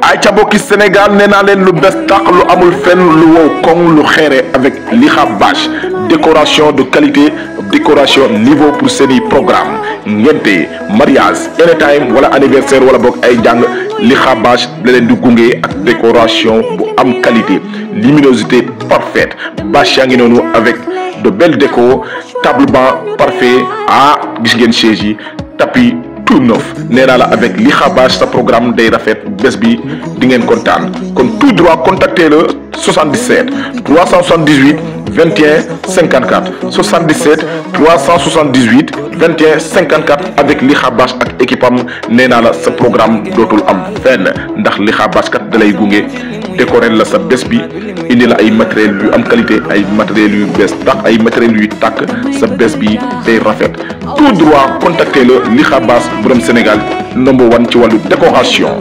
Aïcha ca Sénégal n'est pas le lu lu amul fen lu wo avec licha bash décoration de qualité décoration niveau pour ce programme Niente mariage anytime wala anniversaire wala bok ay jang lixa bash la di ak décoration bu am qualité luminosité parfaite bash avec de belle déco table bas parfait à ah, Gisgen chez tapis tout neuf avec li ce programme de rafet bés bi di content. tout droit contactez le 77 378 21 54 77 378 21 54 avec li et ak équipe ce programme d'Otul am décorer la sa bes bi indi la ay matériel yu am qualité ay matériel lui bes tax ay matériel tac, sa bes bi day tout droit contactez le l'Ikhabas Sénégal number one ci walu décoration